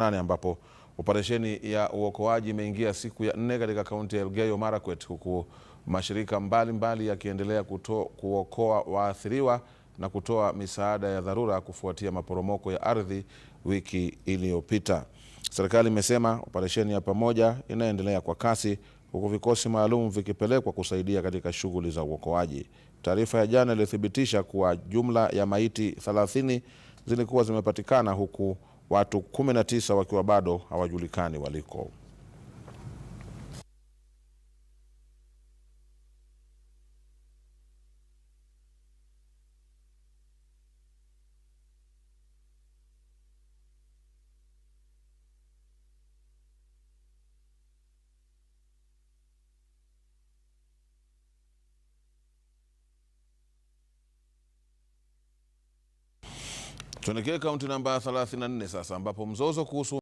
Nane ambapo operesheni ya uokoaji imeingia siku ya nne katika kaunti ya Elgeyo Marakwet huku mashirika mbalimbali yakiendelea kuokoa waathiriwa na kutoa misaada ya dharura kufuatia maporomoko ya ardhi wiki iliyopita. Serikali imesema operesheni ya pamoja inaendelea kwa kasi huku vikosi maalum vikipelekwa kusaidia katika shughuli za uokoaji. Taarifa ya jana ilithibitisha kuwa jumla ya maiti 30 zilikuwa zimepatikana huku watu 19 wakiwa bado hawajulikani waliko. Tuelekee kaunti namba 34 sasa ambapo mzozo kuhusu